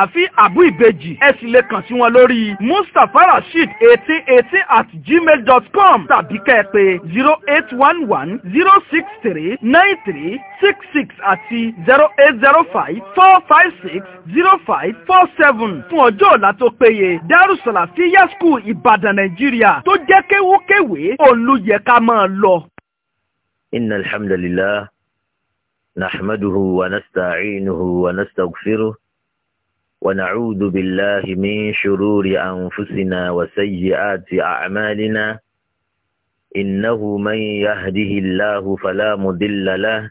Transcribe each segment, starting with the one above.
sàràfí àbú ìbejì ẹ sì lè kàn sí wọn lórí mustapha rasheed eighteen eighteen at gmail dot com tàbí kẹ́ẹ̀pè zero eight one one zero six three nine three six six àti zero eight zero five four five six zero five four seven fún ọjọ́ ọ̀la tó péye darussalafiya school ìbàdàn nàìjíríà tó jẹ́ kéwúkéwé olùyẹ máa lọ. inna alhamdulillah nahmaduhu wa nasta'inuhu wa ونعوذ بالله من شرور أنفسنا وسيئات أعمالنا إنه من يهده الله فلا مضل له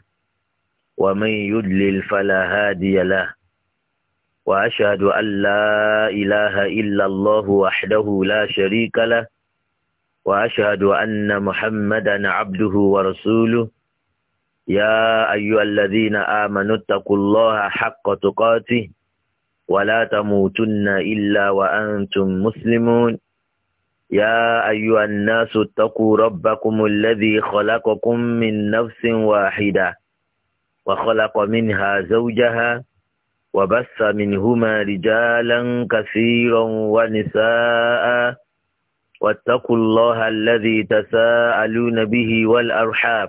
ومن يدلل فلا هادي له وأشهد أن لا إله إلا الله وحده لا شريك له وأشهد أن محمدا عبده ورسوله يا أيها الذين آمنوا اتقوا الله حق تقاته ولا تموتن إلا وأنتم مسلمون يا أيها الناس اتقوا ربكم الذي خلقكم من نفس واحدة وخلق منها زوجها وبث منهما رجالا كثيرا ونساء واتقوا الله الذي تساءلون به والأرحاب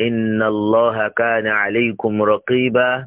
إن الله كان عليكم رقيباً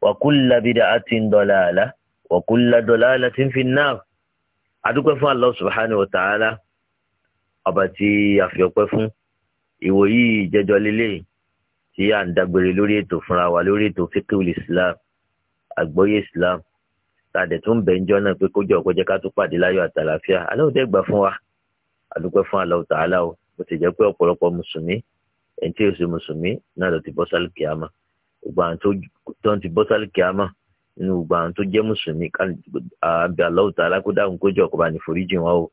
wa kulla bid'atin dalalah wa kulla dalalatin fin nar adúpẹ́ fún Allah subhanahu wa ta'ala ọba tí a fi ọpẹ́ fún ìwò yìí jẹjọ lélẹ̀ tí à ń dágbére lórí ètò fúnra wa lórí ètò fíkìwìl islam àgbọ́yé islam tàdé tó ń bẹ̀ ń jọ náà pé kó jọ ọ̀pọ̀ jẹ́ ká tó pàdé láyọ̀ àtàlàfíà aláwọ̀dẹ́ gbà fún wa adúpẹ́ fún Allah ta'ala o bó ti jẹ́ pé ọ̀pọ̀lọpọ̀ mùsùlùmí ẹni tí yóò mùsùlùmí náà ló ti bọ́ sálùkì àmọ́ gbogbo àwọn tó ń ti bọ́ sálì kíámà nínú gbogbo àwọn tó jẹ́ mùsùlùmí àbí aláwùtà alákòdáhùn kójọ kó bá ní foríjì wọn o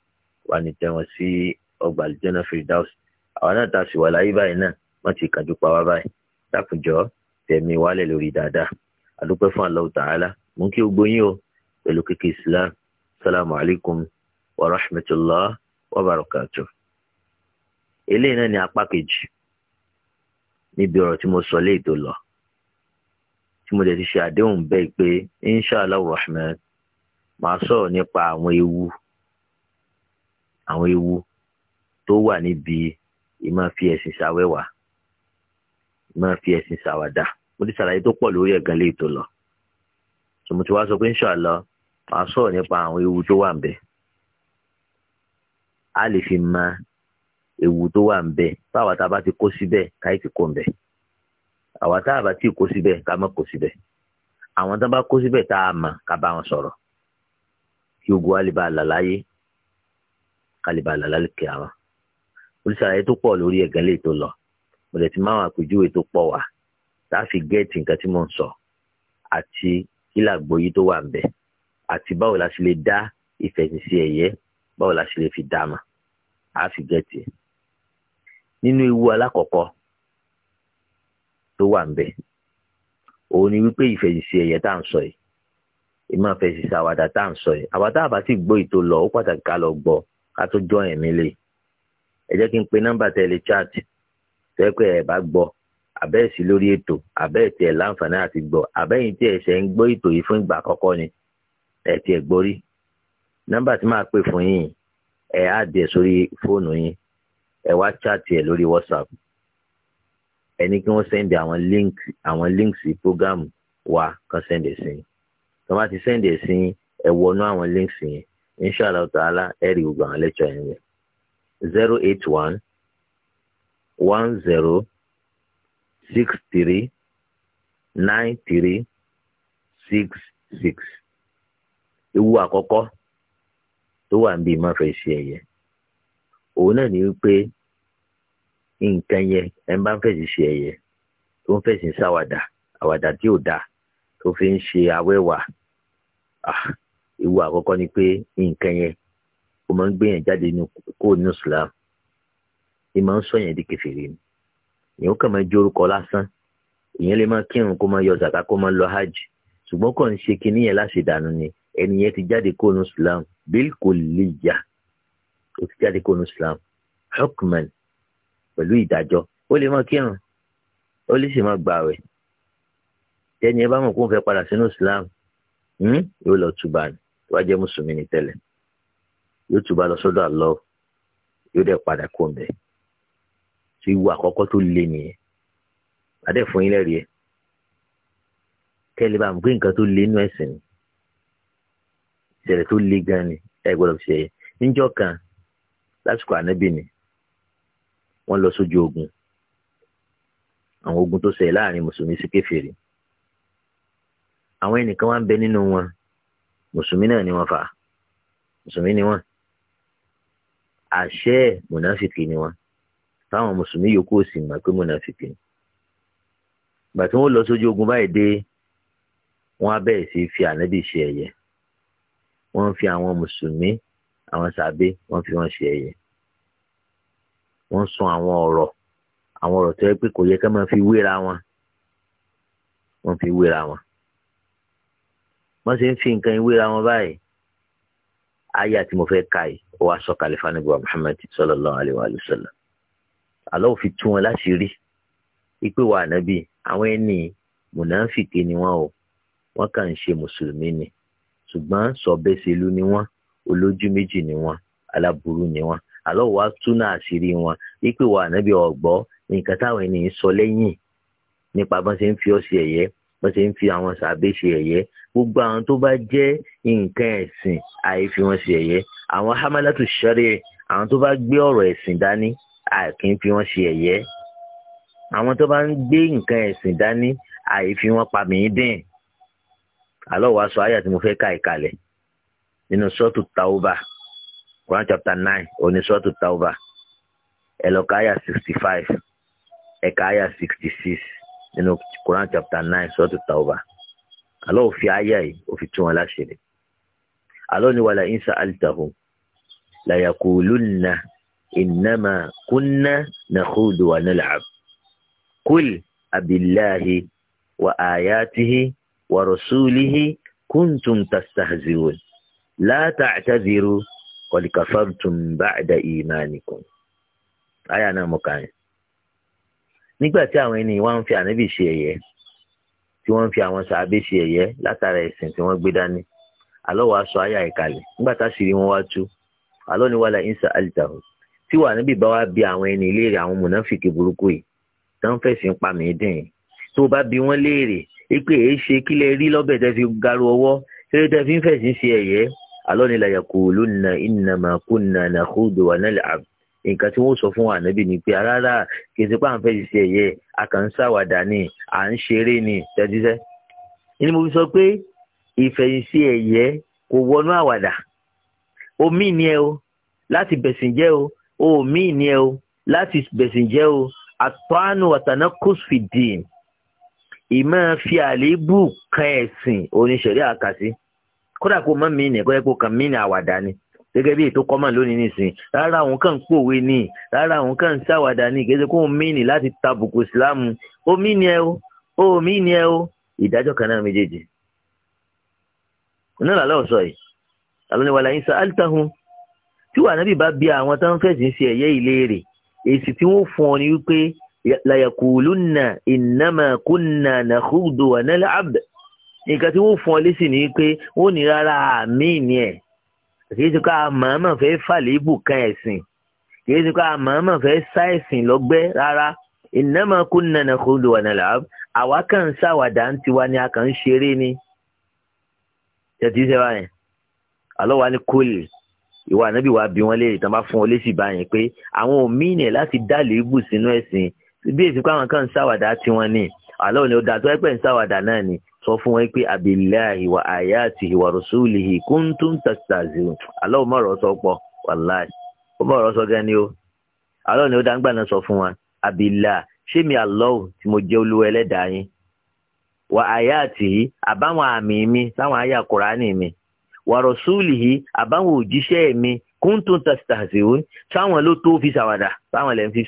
wà ní tẹ̀wọ̀n sí ọgbà àlùjẹ́nà firdaus àwọn náà ta sì wà láyé báyìí náà wọ́n ti kàjú pa wá báyìí dákùjọ́ tẹ̀mí wálẹ̀ lórí dáadáa àdúpẹ́ fún aláwùtà alá mú kí o gbóyìn o pẹ̀lú kíkì islam salamu alaykum wa rahmatullah wa barakatuh eléyìí náà ni apá kejì níbi ọ̀rọ̀ tí mo sọ léètò lọ tí mo dẹ̀ ti ṣe àdéhùn bẹ́ẹ̀ pé inshallah rahman màá sọ̀rọ̀ nípa àwọn ewu àwọn ewu tó wà níbi ìmọ̀ fi ẹ̀sìn ṣàwẹ́wà ìmọ̀ fi ẹ̀sìn ṣàwàdà mo ti ṣàlàyé tó pọ̀ lórí ẹ̀gàn lè tó lọ tí mo ti wá sọ pé inshallah màá sọ̀rọ̀ nípa àwọn ewu tó wà níbẹ̀ a lè fi mọ ewu tó wà níbẹ̀ báwa tá a bá ti kó síbẹ̀ káyì ti kó níbẹ̀ àwa tá a bá tí kó síbẹ̀ ká má kó síbẹ̀ àwọn tó bá kó síbẹ̀ tá a mọ̀ ká bá wọn sọ̀rọ̀ kí ogun wa lè ba àlàláyé ká lè ba àlàlálẹ̀ kí àwọn oríṣiríṣi tó pọ̀ lórí ẹ̀gán lè tó lọ mo lè ti máa àpèjúwe tó pọ̀ wá tá a fi gẹ́ẹ̀tì nǹkan tí mò ń sọ àti kílàgbóyí tó wà ń bẹ̀ àti báwo la ṣe lè dá ìfẹ̀sìnsí ẹ̀yẹ báwo la ṣe lè fi dá a mọ̀ tó wà ń bẹ̀ òun ni wípé ìfẹ̀yìsí ẹ̀yẹ tá à ń sọ yìí ìmọ̀ fẹ̀yìsí àwàdà tá à ń sọ yìí àwàdà àbá sì gbọ́ ètò lọ ó pàtàkì ká lọ gbọ́ ká tó jọ ẹ̀mí lè ẹ jẹ́ kí n pe nọ́mbà tẹ̀lé chat tẹ́pẹ́ ẹ̀ bá gbọ́ àbẹ́ sí lórí ètò àbẹ́ tí ẹ̀ láǹfààní àti gbọ́ àbẹ́yìn tí ẹ̀ ṣe ń gbọ́ ètò yìí fún ìgbà àkọ́kọ́ ni ẹ̀ ti ẹ̀ nọ́mbà tí máa pè fún yín ẹ̀ á dẹ̀ sórí fóònù yín ẹ̀ wá chat ẹ̀ lórí WhatsApp ẹni kí wọ́n sẹ́ndì àwọn link àwọn links sí program wa kan sẹ́ndì sí i tó bá ti sẹ́ndì sí i ẹ wọnú àwọn links yẹn inshallah ta'ala ẹ rí gbogbo àwọn lecture yẹn yẹn zero eight one one zero six three nine three six six ewu àkọ́kọ́ tó wà níbi ìmọ̀fẹ́ ṣe ẹ̀yẹ òun náà ní wípé nǹkan yẹn ẹ bá ń fẹ̀sìn ṣe ẹ̀yẹ tó ń fẹ̀sìn ṣàwàdà àwàdà tí ò dáa tó fi ń ṣe awẹ́wà ìwọ ah, àkọ́kọ́ ni pé nǹkan yẹn ó máa ń gbéyàn jáde kó nínú Islam ni máa ń sọyàn di kẹfìrí ni ìyẹn ó kàn máa jẹ́ orúkọ lásán ìyẹn lè máa kírun kó máa yọ zàká kó máa lọ hajj ṣùgbọ́n kàn ń ṣe kinní yẹn láṣẹ dànù ni ẹni yẹn ti jáde kó nínú Islam bil kulliyya ó ti jáde kó nínú Islam hukman pẹ̀lú ìdájọ́ ó lè máa kírun ó lè sì máa gbààwẹ̀ tẹ́ni ẹ bá mọ̀ kó ń fẹ́ padà sínú islam hmm, yóò lọ túbà ní tó bá jẹ́ mùsùlùmí ní tẹ́lẹ̀ yóò túbà lọ sọ́dọ̀ àlọ́ yóò dẹ̀ padà kó ń bẹ̀ tó ìwà àkọ́kọ́ tó le nìyẹn adé fún yín lẹ́rìí ẹ̀ kẹ́lẹ́ bá mọ̀ pé nǹkan tó le nínú ẹ̀sìn ni ìṣẹ̀lẹ̀ tó le gan ni ẹ gbọ́dọ̀ ṣe é níjọ́ kan lásìkò ànábì ni wọ́n lọ sójú ogun àwọn ogun tó ṣẹlẹ̀ láàrin mùsùlùmí sí kèfèrí àwọn ẹnìkan wá ń bẹ nínú wọn mùsùlùmí náà ni wọ́n fà mùsùlùmí ni wọ́n àṣẹ mùnàfìkì ni wọ́n táwọn mùsùlùmí yòókù ò sì mọ̀ pé mùnàfìkì ni ìgbà tí wọ́n lọ sójú ogun báyìí dé wọ́n á bẹ̀rẹ̀ sí fi ànábì ṣe ẹ̀yẹ wọ́n fi àwọn mùsùlùmí àwọn sàbẹ wọ́n fi wọ́n ṣe ẹ̀yẹ wọ́n sọ àwọn ọ̀rọ̀ àwọn ọ̀rọ̀ tó yẹ pé kò yẹ ká máa fi wéra wọn wọ́n fi wéra wọn wọ́n sì ń fi nǹkan wéra wọn báyìí àyà tí mo fẹ́ ka yìí ó wá sọ kàlífà níbi wa Muhammad sallallahu alayhi wa sallam àlọ́ òfin tú wọn láti rí ipe wa ànábì àwọn ẹni mùnàfìkì ni wọn o wọn kàn ń ṣe mùsùlùmí ni ṣùgbọ́n sọ̀bẹ́sẹ̀lú ni wọn olójú méjì ni wọn aláburú ni wọn àlọ́ wa túnà àṣírí wọn wípé wà nábì ọ̀gbọ́ nǹkan táwọn ènìyàn sọ lẹ́yìn nípa bọ́n ṣe ń fi ọ́ sí ẹ̀yẹ bọ́n ṣe ń fi àwọn sàbẹ̀ ṣe ẹ̀yẹ gbogbo àwọn tó bá jẹ́ nǹkan ẹ̀sìn àìfi wọn ṣe ẹ̀yẹ àwọn hamalatu sharia àwọn tó bá gbé ọ̀rọ̀ ẹ̀sìn dání àìkí fi wọn ṣe ẹ̀yẹ àwọn tó bá ń gbé nǹkan ẹ̀sìn dání àìfi wọn pa mí dín àlọ́ wa àyà tí mo fẹ́ ká ìkàlẹ̀ nínú sọ́ọ̀tù Tauba Quran chapter nine onísọ́ọ̀tù tauba ẹ̀lọ́ka 65، sixty 66. ẹ̀ka àyà nínú Quran chapter nine sọ́ọ̀tù tauba àlọ́ òfin àyà yìí òfin tún wọn láṣẹ rẹ̀ àlọ́ ni wàlà insa alitahum layakulunna innama kunna nakhudu wa nal'ab kul abillahi wa ayatihi wa rasulihi kuntum tastahziun la ta'tadiru. Ta kọ̀lìkàfàtún báàdà ìmánìkùn àyà náà mo kà yín. nígbà tí àwọn ẹni wá ń fi ànábì ṣe ẹ̀yẹ tí wọ́n ń fi àwọn sàábé ṣe ẹ̀yẹ látara ẹ̀sìn tí wọ́n gbé dání àlọ́ wàá sọ àyà ìkàlẹ̀ nígbà táṣìírí wọn wá tú àlọ́ ni wàhálà ìnsà àlìtàhùn tí wàá níbi bá wá bí àwọn ẹni léèrè àwọn mùnáfìkì burúkú yìí tó ń fẹ̀sìn pa mí dìn yìí tó bá bí wọ́n léèrè é pé èé ṣe kílẹ̀ rí lọ́bẹ̀ tẹ́ fi garu ọwọ́ tẹ́ fi ń fẹ̀sìn ṣe ẹ̀yẹ alọ́ni la yaqulunna innama kunna nakhudu wa nal'ab nǹkan tí wọ́n sọ fún ànábì ni pé rárá kì í ṣe pé à ń fẹ́ ṣiṣẹ́ ẹ̀yẹ a kàn ń ṣàwàdà ni à ń ṣeré ni tẹ́tíṣẹ́ ni mo fi sọ pé ìfẹ̀yìntì ẹ̀yẹ kò wọnú àwàdà omi ni ẹ o láti bẹ̀sìn jẹ́ o omi ni ẹ o láti bẹ̀sìn jẹ́ o àtọ́nù àtànákùs fìdí ìmọ̀ fi àléébù kan ẹ̀sìn oníṣẹ̀rí àkàtì kódà kó mọ́ mìíní ẹ̀kọ́ yẹ kó kàn mìíní àwàdà ni gẹ́gẹ́ bí ètò kọ́mọ̀ lónìí nìsín rárá òun kàn ń pòwe ní rárá òun kàn ń ṣàwàdà ní gẹ́gẹ́ kó mìíní láti tàbùkù ìsìlámù ó mìíní ẹ o ó mìíní ẹ o ìdájọ́ kan náà méjèèjì. iná làlọ́ sọ yìí àlọ́ni wàlá yín sọ alítahun tí wàá nábì bá bí àwọn tó ń fẹ̀sìn ṣe ẹ̀yẹ́ ìlérè èsì tí wọ́n fún ọ ni wípé làyàkùlùnà ìnàmàkùnà nàkúdùwà nálàbẹ̀ nǹkan tí wọ́n fún ọ lésì ni pé wọ́n ní rárá àmì ni ẹ̀ kìí ṣe ká màmá fẹ́ fàlébù kan ẹ̀sìn kìí ṣe ká màmá fẹ́ sá ẹ̀sìn lọ́gbẹ́ rárá innama kunna nakhudu wa nal'ab àwa kàn ń ṣàwàdà ń tiwa ni a kàn ń ṣeré ni tẹ̀tí ṣe báyẹn alọ́wà ni kólì ìwà ànábì wa bí wọ́n léèrè tán bá fún ọ lésì báyẹn pé àwọn òmíì nì láti dá lébù sínú ẹ̀sìn bí èsì pé àwọn kàn ń ṣàwàdà tiwọn ni àlọ́ ni ó dà tó ẹ̀pẹ̀ ń ṣàwàdà náà ni sọ fún wọn pé abillahi wa ayatihi wa rasulihi kuntum tastahzi'un Allah má rọ̀ sọ pọ̀ wàláì ó sọ gẹ́ni o Allah ni ó dáńgbà náà sọ fún ṣé mi Allah tí mo jẹ́ olúwa ẹlẹ́dàá yín wa ayatihi àbáwọn àmì mi táwọn àyà Kùránì mi wa rasulihi àbáwọn òjíṣẹ́ mi kuntum tastahzi'un sáwọn ló tó fi ṣàwàdà sáwọn lẹ́ fi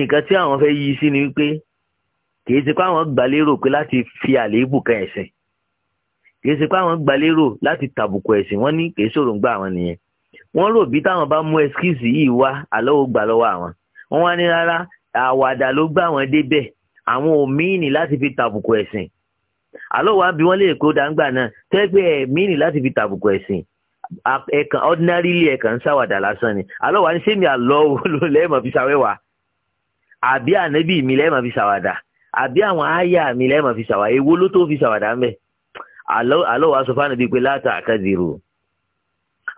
nǹkan tí àwọn fẹ́ yí sí ni wípé kì í ṣe pé àwọn gbàlérò pé láti fi àléébù kan ẹ̀sìn kì í ṣe pé àwọn gbàlérò láti tàbùkù ẹ̀sìn wọ́n ní kì í ṣòro ń gbà àwọn nìyẹn wọ́n rò bí táwọn bá mú ẹskíìsì yìí wá àlọ́wọ́ gbà lọ́wọ́ àwọn wọ́n wá ní rárá àwàdà ló gbà wọ́n débẹ̀ àwọn ò láti fi tàbùkù ẹ̀sìn àlọ́wọ́ àbí wọ́n lè kó dáńgbà náà tẹ́gbẹ́ ẹ̀ láti fi tàbùkù ẹ̀sìn ẹ̀kan ordinarily ẹ̀kan ń ṣàwàdà lásán ni àlọ́wọ́ àní sẹ́mi àlọ́ wo ló lẹ́ẹ̀mọ̀ fi ṣàwẹ́wàá àbí ànábì mi lẹ́ẹ̀ máa fi ṣàwàdà àbí àwọn àyà mi lẹ́ẹ̀ máa fi ṣàwàdà èwo ló tó fi ṣàwàdà ń bẹ̀ àlọ́ wa sọ fáànù bíi pé láta àkàzìrò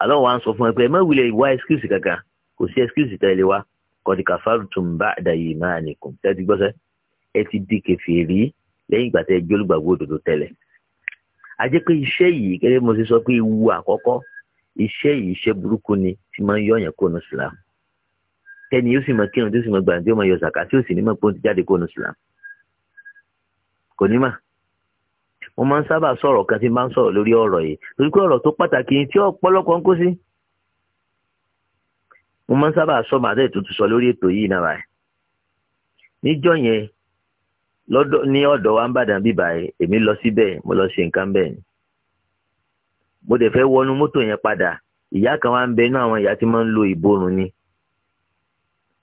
àlọ́ wa ń sọ fún ẹ pé ẹ má wulẹ̀ wá ẹ́skúùsì kankan kò sí ẹ́skúùsì tẹ̀lé wa kọ̀dìkà fáàtùm bá àdàyè máa nìkùn ṣé ẹ ti gbọ́ sẹ́ ẹ ti di kèfèrí lẹ́yìn ìgbà tẹ́ ẹ jólúgbàgbọ́ tẹ́lẹ̀ a jẹ́ pé iṣẹ́ yìí kẹ́lẹ́ mo ti sọ pé ewu àkọ́kọ́ iṣẹ́ yìí iṣẹ́ burúkú ni tí máa ń yọ̀yàn kó nu sílámù tẹ́ni yóò sì mọ kírun tí ó sì mọ gbàǹdí ó mọ yọ sàkà tí ó sì ní mọ̀ pé ó ti jáde kó nu sùlám kò ní mà mo máa ń sábà sọ̀rọ̀ kan tí n bá ń sọ̀rọ̀ lórí ọ̀rọ̀ yìí torí pé ọ̀rọ̀ tó pàtàkì ni tí ọ̀pọ̀lọpọ̀ ń kó sí mo máa ń sábà sọ màá tuntun sọ lórí ètò yìí náà níjọ́ yẹn lọ́dọ̀ ní ọ̀dọ̀ wa ń bàdàn bíbá yìí èmi lọ síbẹ̀ mo lọ ṣe nǹkan bẹ́ẹ̀ ni mo dẹ̀ fẹ́ wọnú mọ́tò yẹn padà ìyá kan wá ń bẹ inú àwọn ìyá tí máa ń lo ìborùn ni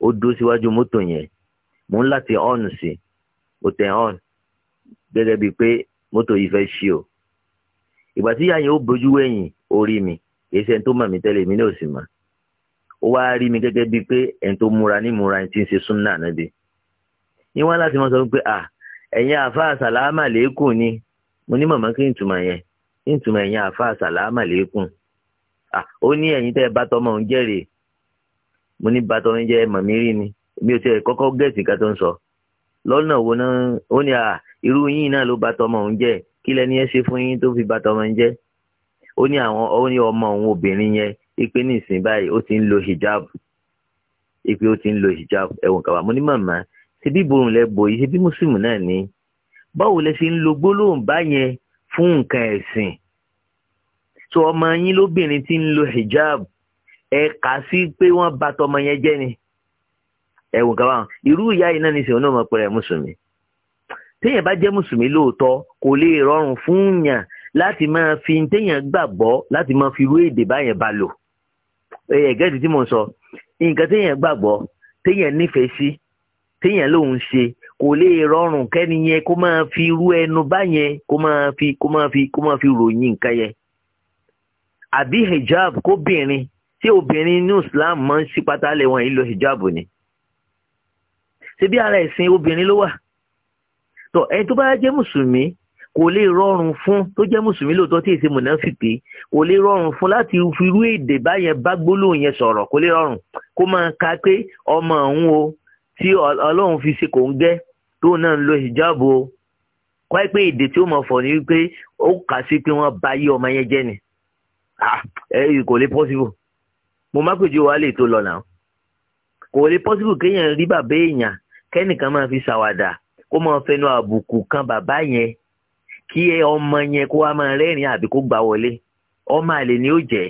ó dúró síwájú mọ́tò yẹn mò ń láti ọ̀nù sí mo tẹ̀ ọ̀n gẹ́gẹ́ bíi pé mọ́tò yìí fẹ́ ṣí o ìgbà tí ìyá ó bójú wẹ̀yìn ó rí mi kìí ṣe ẹni tó mọ̀ mí tẹ́lẹ̀ mi náà sì mọ̀ ó wá rí mi gẹ́gẹ́ bíi pé ẹni tó múra ní múra ẹni tí ń ṣe súnà níbi ní wọn láti máa sọ pé à ẹ̀yin àáfàá sàlámà lẹ́kùn ni mo ní màmá kí n túmọ̀ yẹn kí n túmọ̀ ẹ̀yin àáfàá sàlámà lẹ́kùn à ó ní ẹ̀yin tẹ́ ẹ bá tọmọ òun jẹ́rìí mo ní bàtọ́ mi jẹ́ màmí rí ni mi ò tiẹ̀ kọ́kọ́ gẹ̀ẹ́sì ká tó ń sọ lọ́nà wo náà ó ní à irú yín náà ló bàtọ́ ọmọ òun jẹ́ kí lẹ́ni ẹ ṣe fún yín tó fi bàtọ́ ọmọ jẹ́ ó ní àwọn ó ní ọmọ òun obìnrin yẹn ipe ní ìsìn báyìí ó ti ń lo hijab ipe ó ti ń lo hijab ẹ̀wọ̀n kàwá mo ní màmá ṣe bí borun lẹ bò yìí ṣe bí mùsùlùmí náà ni báwo lẹ ṣe ń lo gbólóhùn báyẹn fún nǹkan ẹ̀sìn so ọmọ yín lóbìnrin ti ń lo hijab ẹ kà sí pé wọ́n bà tọmọ yẹn jẹ́ ni ẹ̀wùn kaba hàn irú ìyá yìí náà ní sèwọ́n náà mọ̀ pẹ̀lẹ́ mùsùlùmí téèyàn bá jẹ́ mùsùlùmí lóòótọ́ kò lè rọrùn fún yàn láti máa fi téèyàn gbàgbọ́ láti máa fi irú èdè báyẹn bá lò ẹ̀gẹ́dì tí mo sọ nǹkan téèyàn gbàgbọ́ téèyàn nífẹ̀ẹ́ sí téèyàn lòun ṣe kò lè rọrùn kẹ́ni yẹn kó máa fi irú ẹnu báyẹn kó máa fi kó máa fi kó máa fi ròyìn nǹkan yẹn àbí hijab kóbìnrin tí obìnrin inú Islam máa ń ṣí pátá lé wọn yìí lo hijab ni ṣe bí ara ẹ̀sìn obìnrin ló wà tó ẹni tó bá jẹ́ mùsùlùmí kò lè rọrùn fún tó jẹ́ mùsùlùmí lóòótọ́ tí èsì mùnáfìkì kò lè rọrùn fún láti fi irú èdè báyẹn bá gbólóhùn yẹn sọ̀rọ̀ kò lè rọrùn kó máa ka pé ọmọ òun o tí ọlọ́run fi ṣe kò ń gẹ́ tóun náà ń lo hijab o kọ́ ẹ pé èdè tí ó mọ̀ fọ̀ ni wípé ó kà sí pé wọ́n bá yí ọmọ yẹn jẹ́ ni ah, kò lè possible mo má pèjú wa lè tó lọ nà kò lè pọ́sibù kéèyàn rí bàbá èèyàn kẹ́nìkan máa fi ṣàwàdà kó máa fẹnu àbùkù kan bàbá yẹn kí ọmọ yẹn kó wá máa rẹ́rìn àbí kó gbà wọlé ọmọ àlè ni ó jẹ́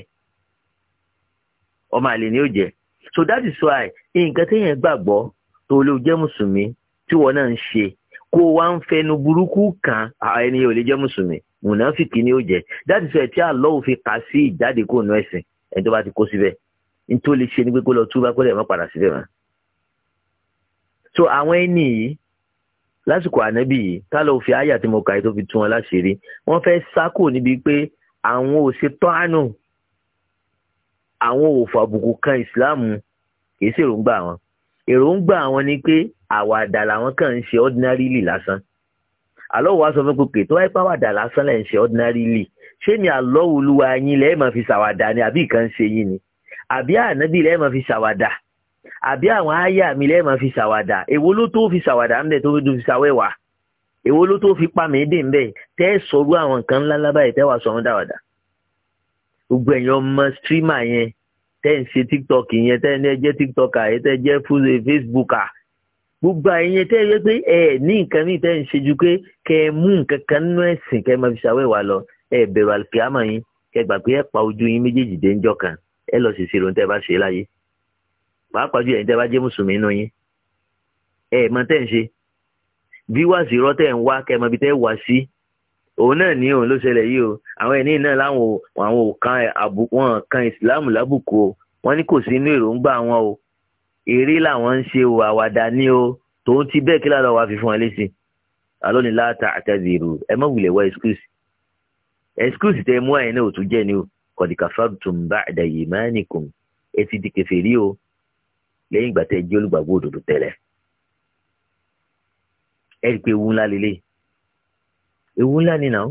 ọmọ àlè ni ó jẹ́ so that is why nǹkan téèyàn gbàgbọ́ tó ló jẹ́ mùsùlùmí tí wọn náà ń ṣe kó wá ń fẹnu burúkú kan ẹni ò lè jẹ́ mùsùlùmí mùnàfíkì ni ó jẹ́ that is why tí àlọ́ òfin kà sí ìjáde kó nu ẹ̀sìn ẹni tó bá ti kó síbẹ̀ nítorí lè ṣe ní pé kó lọ túbá kó lè má padà síbẹ̀ mọ́. so àwọn ẹni yìí lásìkò ànábì yìí ká ló fi àyà tí mo kà yìí tó fi tú wọn láṣìírí wọ́n fẹ́ sákò níbi pé àwọn ò ṣe tọ́ánù àwọn ò fàbùkù kan ìsìláàmù kì í ṣèròǹgbà wọn èròǹgbà wọn ni pé àwàdà làwọn kàn ń ṣe ordinarily lásán àlọ́ wa sọ fún pé tó wáyé pàwàdà lásán lẹ́ ń ṣe ordinarily ṣé ni àlọ́ olúwa yín lẹ́ẹ̀ máa fi ṣàwàdà ni àbí ìkan ṣe yín ni àbí ànábì lẹ́ẹ̀ máa fi ṣàwàdà àbí àwọn àyà mi lẹ́ẹ̀ máa fi ṣàwàdà èwo ló tó fi ṣàwàdà ń bẹ̀ tó fi ṣàwẹ̀wà èwo ló tó fi pa mí dè ń bẹ̀ tẹ́ ẹ sọ̀rọ̀ àwọn nǹkan ńlá lábàá yìí tẹ́ wàá sọ̀rọ̀ dáwàdà gbogbo ẹ̀yin ọmọ streamer yẹn tẹ́ ń ṣe tiktok yẹn tẹ́ ń jẹ́ tiktoker yẹn tẹ́ ń jẹ́ facebooker gbogbo àyẹn tẹ́ ẹ yẹ pé ẹ ní nǹkan míì tẹ́ ń ṣe ju pé kẹ́ ẹ mú nǹkan kan nínú ẹ̀sìn kẹ́ ẹ máa fi ṣàwẹ̀wà ẹ lọ sì ṣírò tẹ́ bá ṣe láyé pàápàá jù ẹ̀yin tẹ́ bá jẹ́ mùsùlùmí nínú yín ẹ mọ tẹ́ ń ṣe bí wàá sí irọ́ tẹ́ ń wá kẹ́ mọ ibi tẹ́ wá sí òun náà ní òun ló ṣẹlẹ̀ yìí o àwọn ẹni náà láwọn àwọn òkan àbùkún kan ìsìláàmù lábùkù o wọ́n ní kò sí inú èròǹgbà wọn o eré làwọn ń ṣe o àwàdà ni o tòun ti bẹ́ẹ̀ kí ládàá wàá fi fún ẹ léṣe alóni láta àtàzìrò ẹ má wulẹ̀ wá excuse excuse tẹ mú àyìn náà ò tún jẹ́ ni o qad kafartum ba'da imanikum ẹ ti di kèfèrí o lẹ́yìn ìgbà tẹ́ ẹ jẹ́ olùgbàgbọ́ òdodo tẹ́lẹ̀ ẹ rí i pé ewu ńlá lélẹ̀ ewu ńlá ni náà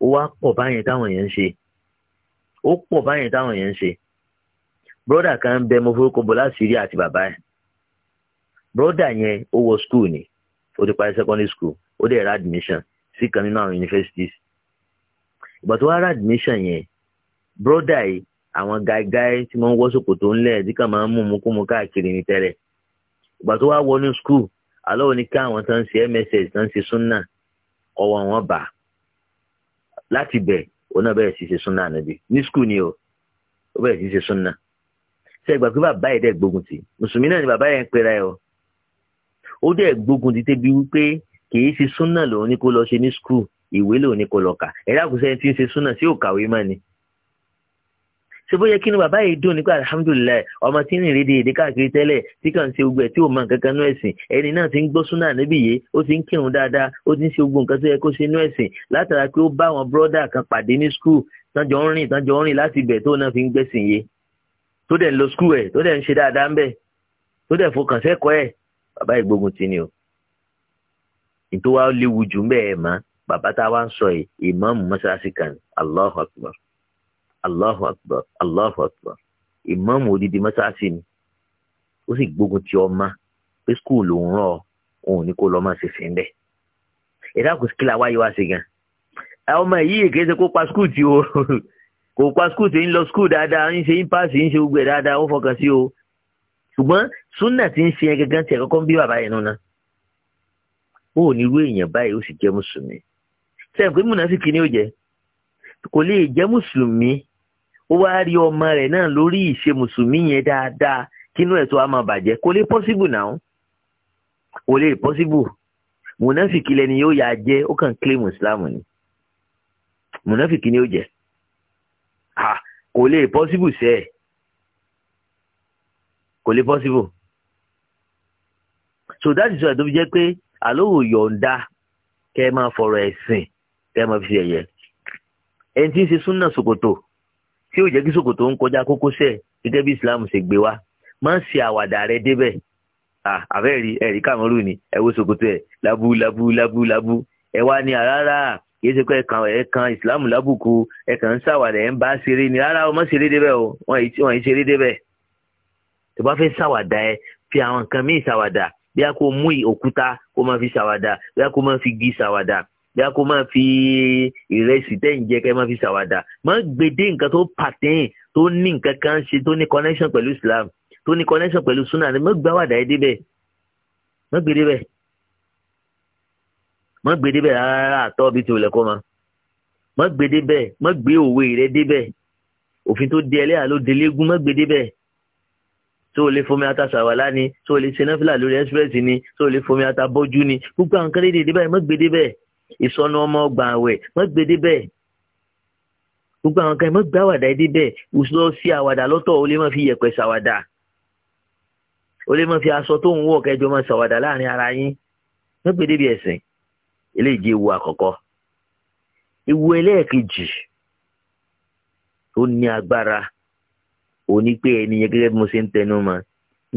ó wá pọ̀ báyẹn táwọn èèyàn ń ṣe ó pọ̀ báyẹn táwọn èèyàn ń ṣe bọ́dà kan ń bẹ mo forúkọ bọ́lá sírí àti bàbá ẹ̀ bọ́dà yẹn ó wọ skul ni ó ti parí secondary school ó dẹ̀ ra admission sí kan nínú àwọn universities ìgbà tó wá ra admission yẹn bróda yìí àwọn gáígáí tí wọ́n ń wọ́ ṣòkòtò ńlẹ̀ tí kàn máa ń mú mu káàkiri ní tẹ́lẹ̀ ìgbà tó wá wọnú skul alọ́wọ́ ni ká àwọn tó ń ṣe mss tó ń ṣe súnà ọwọ́ wọn bà láti bẹ̀ òun náà bẹ̀rẹ̀ sí ṣe súnà níbi ní skul ni o ó bẹ̀rẹ̀ sí ṣe súnà ṣe ìgbà pé bàbá yìí dẹ̀ gbógun tì mùsùlùmí náà ni bàbá yẹn ń pera ẹ o ó dẹ̀ gbógun tì débi wípé kì í ṣe súnà lòun ní kó lọ ṣe ní skul ìwé lòun ní kó lọ kà ẹ̀dá ṣe bó yẹ kí ni bàbá yìí dùn nípa alhamdulilayi ọmọ tí ń rìn rédíò èdè káàkiri tẹ́lẹ̀ tí kàn ń ṣe gbogbo ẹ̀ tí ò mọ nǹkan kan nú ẹ̀sìn ẹni náà ti ń gbọ́ súnà níbí yìí ó ti ń kírun dáadáa ó ti ń ṣe gbogbo nǹkan tó yẹ kó ṣe nú ẹ̀sìn látara pé ó bá àwọn bírọ́dà kan pàdé ní skul tánjọ ń rìn tánjọ ń rìn láti ibẹ̀ tó náà fi ń gbẹ̀sìn yìí tó dẹ̀ ń lọ skul ẹ̀ tó o ìtòwá léwu jù tá a wá ń sọ yìí ìmáàmù Allahu Akbar Allahu Akbar ìmáàmù odidi mọ́sáàsì ni ó sì gbógun ti ọmọ pé skul òun rán ọ òun ní kó lọ máa ṣe sìn bẹ́ẹ̀ ìdá kò síkìlà wáyé wá sí gan ọmọ yìí kì í ṣe kó pa skul tí o kò pa skul tí ń lọ skul dáadáa ń ṣe ń paasi ń ṣe gbogbo ẹ̀ dáadáa ó fọkàn sí o ṣùgbọ́n súnà tí ń ṣe yẹn gangan tiẹ̀ kọ́kọ́ ń bí bàbá yẹn náà ó ní irú èèyàn báyìí ó sì jẹ́ mùsùlùmí sẹ́yìn pé múnà sí kíní ó jẹ́ kò lè jẹ́ mùsùlùmí ó wá rí ọmọ rẹ̀ náà lórí ìṣe mùsùlùmí yẹn dáadáa kínú ẹ̀ tó a máa bàjẹ́ kò lè pọ́síbù náà kò lè pọ́síbù mùnáfìkì lẹni yóò yà jẹ́ ó kàn kílèmù islam ni mùnáfìkì ni ó jẹ́ kò lè pọ́síbù sẹ́ẹ̀ kò lè pọ́síbù so that is why tó fi jẹ́ pé àlóhùn yọ̀ǹda kẹ́ ẹ máa fọ̀rọ̀ ẹ̀sìn kẹ́ ẹ máa fi ẹ̀yẹ ẹni tí ń ṣe súnà ṣòkòtò tí yóò jẹ́ kí ṣòkòtò ń kọjá kókósẹ̀ gẹ́gẹ́ bí islam ṣe gbé wa máa ń ṣe àwàdà rẹ débẹ̀ àfẹ́rí ẹ̀rí kàmọ́rù ni ẹ wo ṣòkòtò ẹ̀ labu labu labu labu ẹ wá ní rárá kìí ṣe pé ẹ̀kan ẹ̀kan islam lábùkù ẹ̀kan ń ṣàwàdà ẹ̀ ń bá ṣeré ni rárá o má ṣeré débẹ̀ o wọ́n yìí ṣeré débẹ̀ tó bá fẹ́ ṣàwàdà ẹ fi àwọn nǹkan míì ṣàwàdà bí a kò mú òkúta kó máa fi ṣàwàdà bí a kò máa fi gi ṣàwàdà bí a kò máa fi ìrẹsì tẹ́yìn jẹ kẹ́ máa fi ṣàwádà máa gbèdé nǹkan tó pàtẹ́yìn tó ní nǹkan kan ṣe tó ní connection pẹ̀lú Islam tó ní connection pẹ̀lú sunnah ni má gbé àwàdà yẹn débẹ̀ má gbé débẹ̀ má gbé débẹ̀ rárá àtọ́ bí ti wòlẹ̀ kọ́ ma má gbé débẹ̀ má gbé òwe rẹ débẹ̀ òfin tó di ẹlẹ́yà ló delégún má gbé débẹ̀ tó o lè fomi ata ṣàwálà ni tó o lè ṣe náfìlà lórí express ni tó o lè fomi ata bọ́jú ni gbogbo àwọn kan lè dé débẹ̀ má débẹ̀ ìsọnù ọmọ ọgbà àwẹ̀ wọ́n gbé débẹ̀ gbogbo àwọn kan ẹ̀ mọ́ gbé àwàdà yìí débẹ̀ òṣìṣẹ́ sí àwàdà lọ́tọ̀ ó lè má fi yẹ̀pẹ̀ ṣàwàdà ó lè má fi aṣọ tó ń wọ̀ kẹjọ má ṣàwàdà láàrin ara yín wọ́n gbé débi ẹ̀sìn eléyìí ewu àkọ́kọ́ ewu ẹlẹ́ẹ̀kejì tó ní agbára òní pé ẹnìyẹn gẹ́gẹ́ bí mo ṣe ń tẹnu mọ́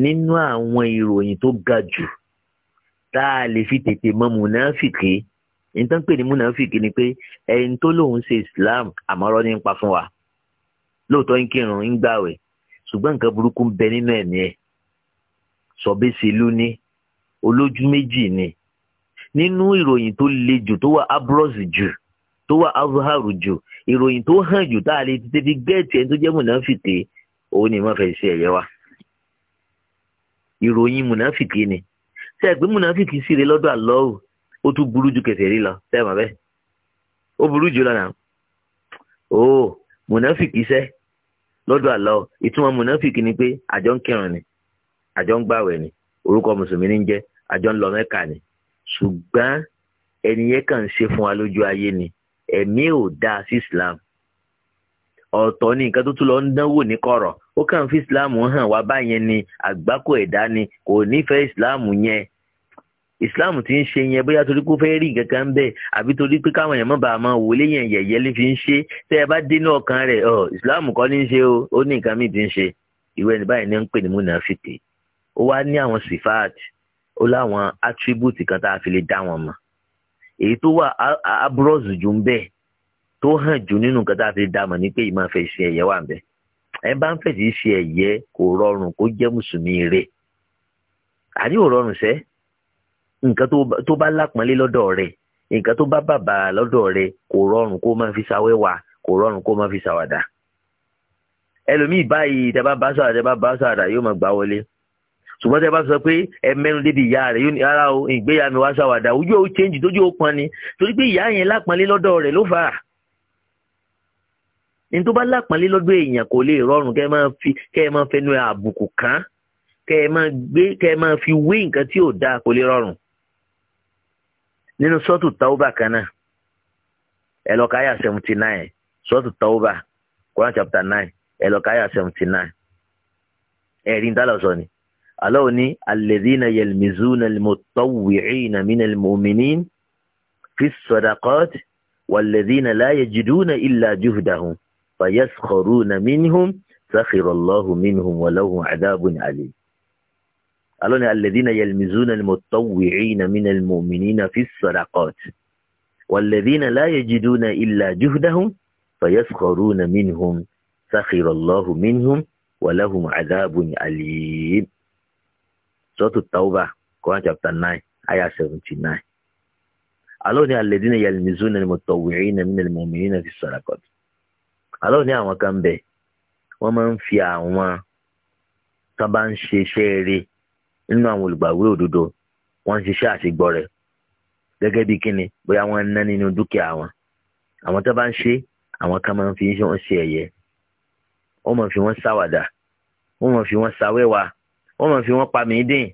nínú àwọn ìròyìn tó ga jù tá a lè fi tètè mọ mùnáfìkì nítorí pé ní múnàfíìkì ni pé ẹni tó lóun ṣe islam àmọ́rọ́ ní pa fún wa lóòótọ́ ń kírun ń gbàwẹ̀ ṣùgbọ́n nǹkan burúkú ń bẹ nínú ẹ̀mí ẹ̀ sọ̀bẹ́sẹ̀lú ni olójú méjì ni nínú ìròyìn tó le jù tó wà abros jù tó wà azharu jù ìròyìn tó hàn jù tá a lè tètè fi gẹ́ẹ̀tì ẹni tó jẹ́ ni wọ́n fe ṣe ẹ̀yẹ wa ìròyìn ni ṣe é pé lọ́dọ̀ Otu buru burú ju kèfèrí lọ sẹ́wọ̀n O buru burú jù lọ náà Ise, lọdụ ala lọ́dọ̀ àlọ́ ìtumọ̀ mùnáfìkì ni pé àjọ ń kírun ni àjọ ń gbàwẹ̀ ni orúkọ mùsùlùmí ní jẹ́ àjọ ń ṣe fún wa lójú ayé ni ẹ̀mí ò dáa sí Islam ọ̀tọ̀ ni nǹkan tó tún lọ ń dánwò ní kọ̀rọ̀ ó kàn fi Islam hàn wá báyẹn ni àgbákò ẹ̀dá ni kò nífẹ̀ẹ́ Islam yẹn islam ti ń ṣe yẹn bóyá torí kó fẹ́ẹ́ rí nǹkan kan bẹ́ẹ̀ àbí torí pé káwọn èèyàn mọ̀bà máa wò léyìn yẹ̀yẹ́ ló fi ń ṣe tẹ́ ẹ bá dé ní ọkàn rẹ̀ ọ islam kọ́ ní í ṣe o ó ní nǹkan míì ti ń ṣe ìwé ẹni báyìí ní ń pè ní múnàfíkì ó wá ní àwọn sifat ó láwọn attribute kan tá a fi lè dá wọn mọ̀ èyí tó wà abros jù ń bẹ́ẹ̀ tó hàn jù nínú nǹkan tá a fi lè dá mọ̀ ní pé ìmọ̀ fẹ́ ṣe nǹkan tó bá lápọ́nlé lọ́dọ̀ rẹ̀ nǹkan tó bá bàbà lọ́dọ̀ rẹ̀ kò rọrùn kó máa fi ṣàwẹ́wà kò rọrùn kó máa fi ṣàwàdà ẹlòmíì báyìí tẹ bá bá ṣàwàdà tẹ bá bá ṣàwàdà yóò máa gbá wọlé ṣùgbọ́n tẹ bá sọ pé ẹ mẹ́nu débi ìyá rẹ̀ yóò ní ara o ìgbéyà mi wá ṣàwàdà ojú ò change tójú ò pọn ni torí pé ìyá yẹn lápọ́nlé lọ́dọ̀ rẹ̀ ló fà á ní tó bá lápọ́nlé lọ́dọ̀ èèyàn kò lè rọrùn kẹ́ ẹ máa fi kẹ́ ẹ máa fẹnu àbùkù kàn kẹ́ ẹ máa gbé kẹ́ ẹ máa fi wé nǹkan tí ò dáa kò lè rọrùn nínú sọ́ọ̀tù tàwùbà kan náà ẹ lọ káyà seventy nine sọ́ọ̀tù tàwùbà Quran chapter nine ẹ lọ káyà seventy nine ẹ̀rí ń dálọ̀ sọ ni Allah ní alladhina yalmizuna almutawwi'ina mina almu'minin fi sadaqat walladhina la yajiduna illa juhdahum fayaskharuna minhum sakhira Allahu minhum wa lahum alọ́ni alẹ́dínà yẹlmizúnà mọ̀tọ́wìrínà mínà mọ̀mìnínà fi sọ̀dàkọ̀t wàlẹ́dínà láyé jìdúnà ìlà jùdáhùn fàyẹ́sùkọ̀rúnà mínhùn sáfìrọ̀lọ́hùn mínhùn wàlẹ́hùn àdáàbùn àlìyé. sọ́tù tàwùbà Quran chapter nine ayah seventy nine alọ́ni alẹ́dínà yẹlmizúnà mọ̀tọ́wìrínà mínà mọ̀mìnínà fi sọ̀dàkọ̀t alọ́ni àwọn kan bẹ̀ wọ́n máa ń fi àwọn tán bá ń ṣe iṣẹ́ nínú àwọn olùgbàwé òdodo wọ́n ń ṣiṣẹ́ àṣegbọ́ rẹ̀ gẹ́gẹ́ bí kíni bóyá wọ́n ń ná nínú dúkìá wọn àwọn tó bá ń ṣe àwọn kan máa ń fi ṣe wọ́n ṣe ẹ̀yẹ wọ́n máa fi wọ́n ṣàwàdà wọ́n máa fi wọ́n ṣàwẹ́wà wọ́n máa fi wọ́n pa mí dín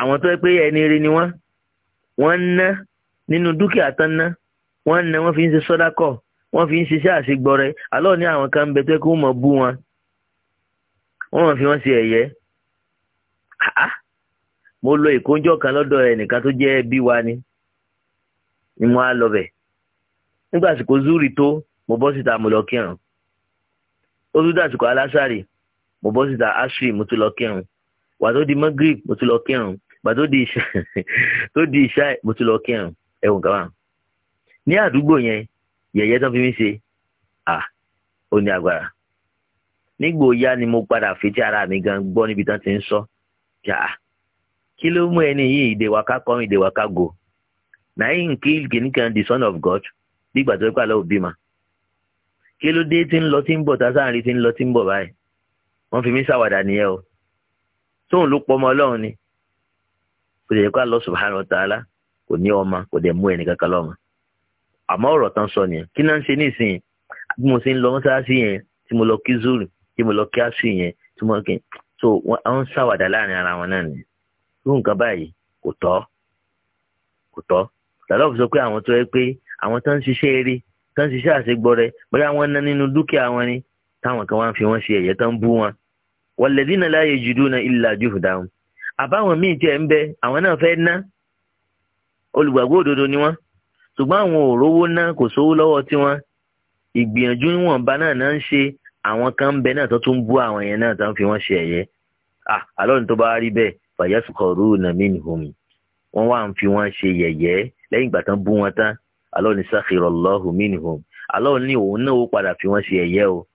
àwọn tó pé ẹni rí ni wọ́n wọ́n ń ná nínú dúkìá tán ná wọ́n ń ná wọ́n fi ń ṣe sọ́dákọ̀ wọ́n fi ń ṣiṣẹ́ àṣegbọrẹ alọ́ ní àwọn kan ń bẹ tẹ́kọ̀ wọ́n máa bú wọn wọ́n máa fi wọ́n ṣe ẹ̀yẹ mo lọ ìkóńjọ kan lọ́dọ̀ ẹnìkan tó jẹ́ bí wa ni ni mo á lọ bẹ̀ nígbà àsìkò tó mo bọ́ síta mo lọ kírun ó tún dàsìkò alásàrì mo bọ́ síta ashri mo tún lọ kírun di magrib mo tún lọ kírun di mo tún lọ kírun ẹ̀wọ̀n ní yẹn tán fi mí ṣe à ó ní agbára ya ni mo padà fi ara mi gan ti ń So yà kí ló mú ẹni yìí ìdèwà ká kọ́ ìdèwà ká go naim the son of God nígbà tó òbí ma kí ló dé tí ń lọ tí ń bọ̀ tá sáàrin tí ń lọ tí ń bọ̀ báyìí wọ́n fi mí nìyẹn o tóun ló pọ̀ ọmọ ni kò kó àlọ́ subhanahu wa ta'ala kò ní ọmọ kò mú kankan sọ nìyẹn kí náà ń ṣe bí mo ṣe ń lọ mọ́ṣáláṣí yẹn tí mo lọ kí zuri tí so wọ́n ń ṣàwàdà láàrin ara wọn náà ni irú nǹkan báyìí kò tọ́ kò tọ́ lọ́lọ́ fi sọ pé àwọn tó yẹ pé àwọn tó ń ṣiṣẹ́ eré tó ń ṣiṣẹ́ àṣegbọrẹ bóyá wọ́n ná nínú dúkìá wọn ni táwọn kan wá ń fi wọ́n ṣe ẹ̀yẹ tó ń bú wọn walladhina la yajiduna illa juhdahum àbáwọn míì tiẹ̀ ń bẹ àwọn náà fẹ́ ná olùgbàgbọ́ òdodo ni wọ́n ṣùgbọ́n àwọn ò rówó ná kò sówó lọ́wọ́ tiwọn ìgbìyànjú ìwọ̀nba náà náà ń ṣe àwọn kan ń bẹ náà tó tún bú àwọn yẹn náà tó ń fi wọ́n ṣe ẹ̀yẹ àlọ́run ah, tó bá rí bẹ́ẹ̀ fayasquruna minhum wọ́n wá ń fi wọ́n ṣe yẹ̀yẹ́ lẹ́yìn ìgbà tán bú wọn tán àlọ́run ní sakhirallahu minhum àlọ́run ní òun náà ó padà fi wọ́n ṣe yẹ̀yẹ́ o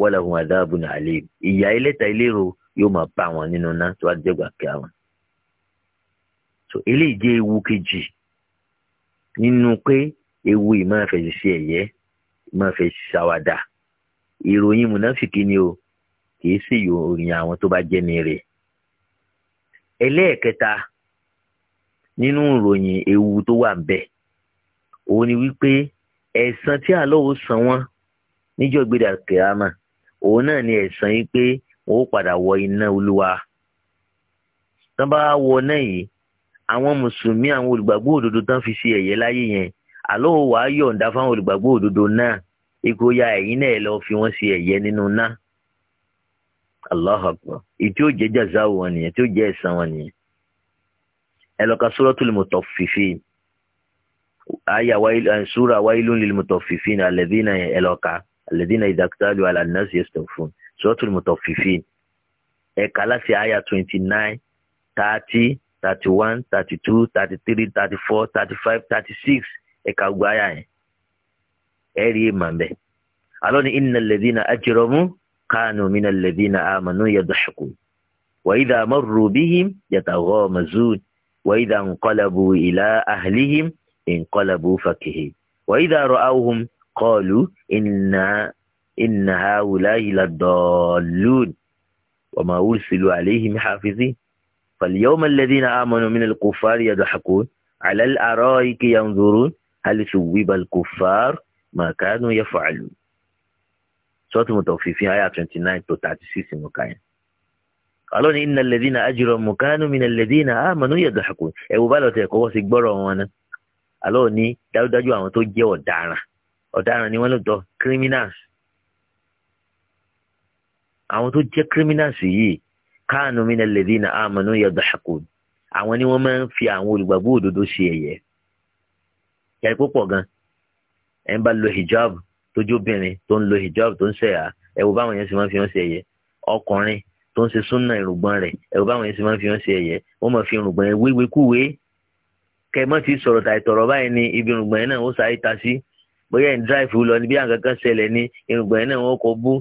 walahum adhabun alim ìyá ẹlẹ́ta ẹlẹ́rọ yóò máa bá wọn nínú ná tó bá dẹ́gbà kí àwọn. so eléyìí jẹ́ ewu kejì nínú pé ewu ìmáfẹ̀ẹ́ ṣe ẹ̀yẹ́ ìmáfẹ̀ẹ́ ṣàwàdà ìròyìn mùnáfìkì ni o kìí sì yòòyìn àwọn tó bá jẹ́ nire. ẹlẹ́ẹ̀kẹta nínú ìròyìn ewu tó wà ń bẹ̀ òun ni wípé ẹ̀san tí àlọ́wọ́ san wọ́n níjọ́ gbéra kìámà òun náà ni ẹ̀san yìí pé wọ́n ó padà wọ iná olúwa. tán bá wọ náà yìí àwọn mùsùlùmí àwọn olùgbàgbọ́ òdodo tán fi ṣe ẹ̀yẹ láyé yẹn àlọ́wọ́ wàá yọ̀ǹda fáwọn olùgbàgbọ́ òdodo náà ikú ya ẹ̀yìn náà lọ fi wọ́n ṣe ẹ̀yẹ nínú náà Allahu Akbar ìtí ó jẹ́ jàzá wọn nìyẹn tí ó jẹ́ ẹ̀san wọn nìyẹn ẹ lọ ka Suratul Mutaffifin aya sura wailun lil mutaffifin alladhina ẹ lọ ka alladhina idha iktalu ala an-nasi yastawfun Suratul Mutaffifin ẹ kà láti aya twenty nine thirty thirty one thirty two thirty three thirty four aya yẹn ẹ rí èèmà bẹ́ẹ̀ innal ladhina ajramu. كانوا من الذين آمنوا يضحكون وإذا مروا بهم يتغامزون وإذا انقلبوا إلى أهلهم انقلبوا فكهين وإذا رأوهم قالوا إن إن هؤلاء لضالون وما أرسلوا عليهم حافظين فاليوم الذين آمنوا من الكفار يضحكون على الأرائك ينظرون هل ثوب الكفار ما كانوا يفعلون sọ́ọ̀tù mọ̀tọ̀ fífi àyà twenty nine to thirty six mo kà yẹn. alọ́ ni iná lẹ́dí na ajúrò mùkánú mi na lẹ́dí na àmọ́nú yẹ̀dọ̀ àkó ẹ̀wù bá lọ́tẹ̀ kọ́wọ́ sí gbọ́rọ̀ wọn ná. alọ́ ni dájúdájú àwọn tó jẹ́ ọ̀daràn ọ̀daràn ni wọ́n lò tọ́ criminals. àwọn tó jẹ́ criminals yìí káànù mi na lẹ́dí na àmọ́nú yẹ̀dọ̀ àkó àwọn ni wọ́n máa fi àwọn olùgbàgbọ́ òdodo ṣe ẹ̀yẹ. yàrá ìpó pọ̀ gan ẹ̀ ń lo hijab tójú obìnrin tó ń lo hijab tó ń ṣẹ̀yà ẹ wo báwọn yẹn sì máa fi wọn ṣe ẹ̀yẹ ọkùnrin tó ń ṣe súnà ìrùngbọ̀n rẹ̀ ẹ wo báwọn yẹn sì máa fi wọn ṣe ẹ̀yẹ wọ́n máa fi ìrùngbọ̀n yẹn wéwèé kúwèé kẹ mọ́ ti sọ̀rọ̀ tàì tọ̀rọ̀ báyìí ni ibi ìrùngbọ̀n yẹn náà ó sáré ta sí bóyá ẹ̀ ń dráìfù lọ níbi àǹkankan ṣẹlẹ̀ ni ìrùngbọ̀n yẹn náà wọ́n kọ bú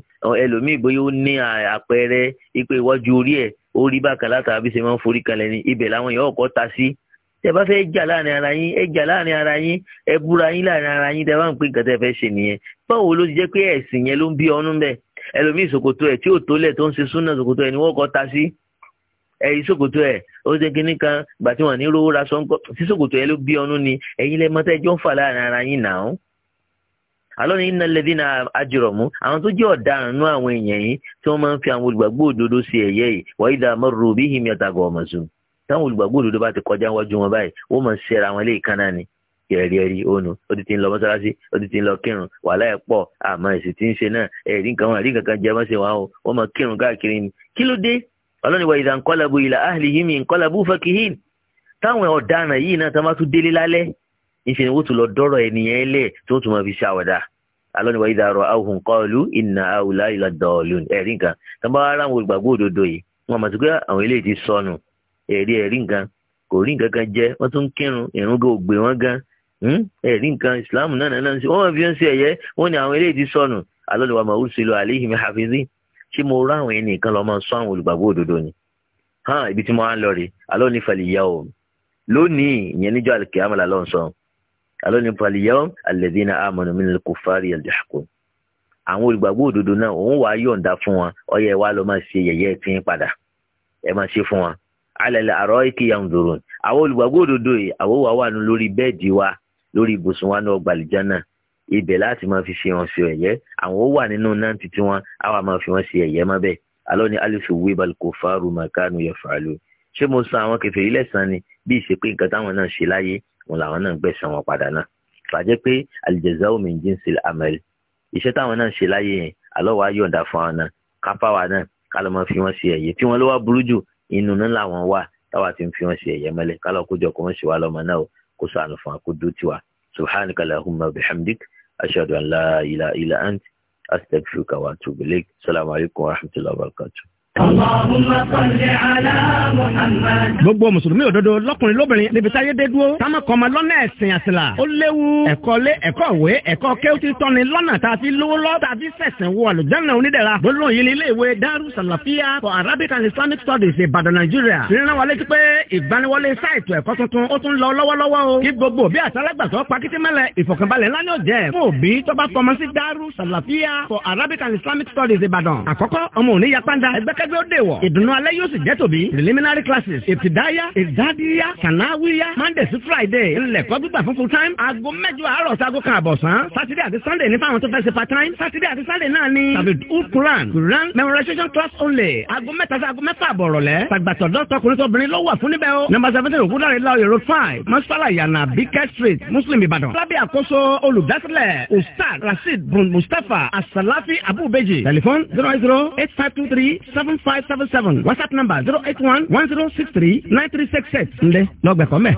ní àpẹẹrẹ ipe iwájú orí ẹ̀ ó rí bákan látara bí ṣe máa ń forí kalẹ̀ ni ibẹ̀ làwọn yẹn tẹ bá fẹ́ jà láàrin ara yín ẹ láàrin ara yín ẹ búra yín láàrin ara yín tẹ ń pè nǹkan tẹ fẹ́ ṣe nìyẹn báwo ló ti jẹ́ pé ẹ̀sìn yẹn ló ń bí ọnú bẹ́ẹ̀ ẹlòmíì ṣòkòtò ẹ̀ tí ò tó lẹ̀ tó ń ṣe súnà ṣòkòtò ẹ̀ ni wọ́n kọ́ ta sí ẹ̀yìn ṣòkòtò ẹ̀ ó ṣe kan ìgbà tí wọ́n ní rówó ra sọ́ńkọ́ tí ṣòkòtò ni lẹ iná lẹ́bí náà ajúrọ̀mú àwọn tó jẹ́ ọ̀daràn nú àwọn èèyàn yìí tí wọ́n máa ń fi àwọn olùgbàgbọ́ òdodo yìí wọ́n mọ́rùrù táwọn olùgbàgbọ́ òdodo bá ti kọjá wájú wọn báyìí wọ́n mọ̀ ṣe ara wọn lé ìkan ni ẹ̀rí ẹ̀rí ònu ó ti ti ń lọ mọ́sálásí ó ti ti ń lọ kírun wàhálà ẹ̀ pọ̀ àmọ́ èsì ti ń ṣe náà ẹ̀rí nǹkan wọn àrí kankan jẹ́ mọ́sẹ̀ wọn o wọ́n mọ̀ kírun káàkiri ni kí ló dé ọlọ́ni wa ìdá nkọ́labu ìlà ahlihim nkọ́labu fakihin táwọn ọ̀daràn yìí náà tá má tún délé lálẹ́ ìṣe ni wọ́n tún lọ dọ́rọ̀ ẹnìyẹn lẹ̀ tó tún mọ̀ fi ṣàwọ̀dà alọ́ni wa ìdá rọ ahùn kọ́ọ̀lù ìnà àwùlá ìlà dọ̀ọ̀lù ẹ̀rí nǹkan tá ẹ̀rí ẹ̀rí nǹkan kò rí nǹkan kan jẹ wọ́n tún kírun ìrun gan ògbé wọn gan hmm? ẹ̀rí nǹkan ìsìláàmù náà náà ń ṣe wọ́n fi ń ṣe ẹ̀yẹ wọ́n ní àwọn eléyìí ti sọnù alọ́lùwà máa ń ṣe lọ àléhìmí àfihàn ṣé mo rá àwọn ẹni kan lọ máa sọ àwọn olùgbàgbọ́ òdodo ni hàn ibi tí mo wá ń lọ rè alọ́ ní fàlìyà o lónìí ìyẹn níjọ́ àlùkè àmàlà lọ́n sọ alọ́ ní fàlìyà o alẹ́lẹ́ àrọ́ ìkí yanzurun àwọn olùgbàgbọ́ òdodo yìí àwọn wà wà nù lórí bẹ́ẹ̀dì wa lórí ibùsùn wa ní ọgbà àlìjánà ibẹ̀ láti máa fi ṣe wọn ṣe ẹ̀yẹ àwọn wà nínú náà títí wọn àwa máa fi wọn ṣe ẹ̀yẹ má bẹ́ẹ̀ alọ́ ni alifu webal kò faru makanu yẹ fàálù ṣé mo san àwọn kèfèrí lẹ́san ni bí ìṣe pé nǹkan táwọn náà ṣe láyé wọn làwọn náà gbẹ̀san wọn padà náà fàjẹ́ pé aljazau min jinsil amal iṣẹ́ táwọn náà ṣe láyé yẹn alọ́ wa yọ̀ǹda fún àwọn náà kápá wa náà kálọ́ máa fi wọn ṣe ẹ̀yẹ tí wọn ló burú jù inú náà làwọn wà táwa ti ń fi wọn ṣe ẹ̀yẹ mẹ́lẹ̀ kálọ̀ kójọ kó wọ́n ṣe wá lọ́mọ náà kó sànù fún akódó tiwa subhanaka allahumma bihamdik ashhadu an la ilaha illa ant astaghfiruka wa atubu ilaik salamu alaykum wa rahmatullahi wa barakatuh gbogbo mùsùlùmí òdodo lọkùnrin lóbìnrin níbi táyé dé dúró táwọn kan máa lọ́nà ẹ̀sìn àṣìlá ó léwu ẹ̀kọ́ lé ẹ̀kọ́ ìwé ẹ̀kọ́ kéwùtì tọ́ni lọ́nà tá a fi lówó lọ́ tá a fi sẹ̀sìn wọ àlùjáná onídẹ̀ra gbólóhùn yìí ní ilé ìwé Daru Salafia for Arabic and Islamic Studies Ìbàdàn Nàìjíríà ìrìnà wọlé ti pé ìgbaniwọlé sáìtù ẹ̀kọ́ tuntun ó tún lọ lọ́wọ́lọ́wọ́ o kí gbogbo bí àtàlágbàtọ́ pakitimẹ́lẹ̀ ìfọ̀kànbalẹ̀ ńlá ni ó jẹ́ fún òbí tó bá fọmọ sí Daru Salafia for Arabic and Islamic Studies Ìbàdàn àkọ́kọ́ ọmọ òní yapanda ẹgbẹ́ ó dè wọ̀. ìdùnnú alẹ́ yóò sì jẹ́ tòbí. preliminary classes ìtìdáyà ìdádíyà kànáwíyà monday sí friday ńlẹ̀kọ́ gbígbà fún full time. aago mẹ́jọ àárọ̀ sago kan àbọ̀sán. saturday àti sunday ní fáwọn tó fẹ́ ṣe part time. saturday àti sunday náà ni. tàbí old quran memorization class only. aago mẹ́ta sí aago mẹ́fà àbọ̀rọ̀ lẹ̀. tàgbàtọ̀ dọ́tọkùnrin tóbìnrin ló wà fún níbẹ̀ o. number seventeen òkúdàrin láòyè road five masfala yana bikẹ́ street muslim ìbàdàn. lábẹ́ àkóso olùdásílẹ̀ ustaz rasheed bun mustapha asalafi abubeji. tẹlifon zero zero eight five two three seven. 7577 whatsapp number 081 1063 9368 ńlẹ́ lọ́gbẹ̀kọ́ mẹ́.